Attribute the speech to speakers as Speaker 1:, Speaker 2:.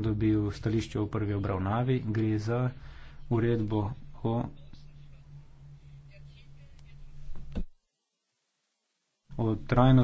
Speaker 1: dobil stališče v prvi obravnavi, gre za uredbo o
Speaker 2: o trajno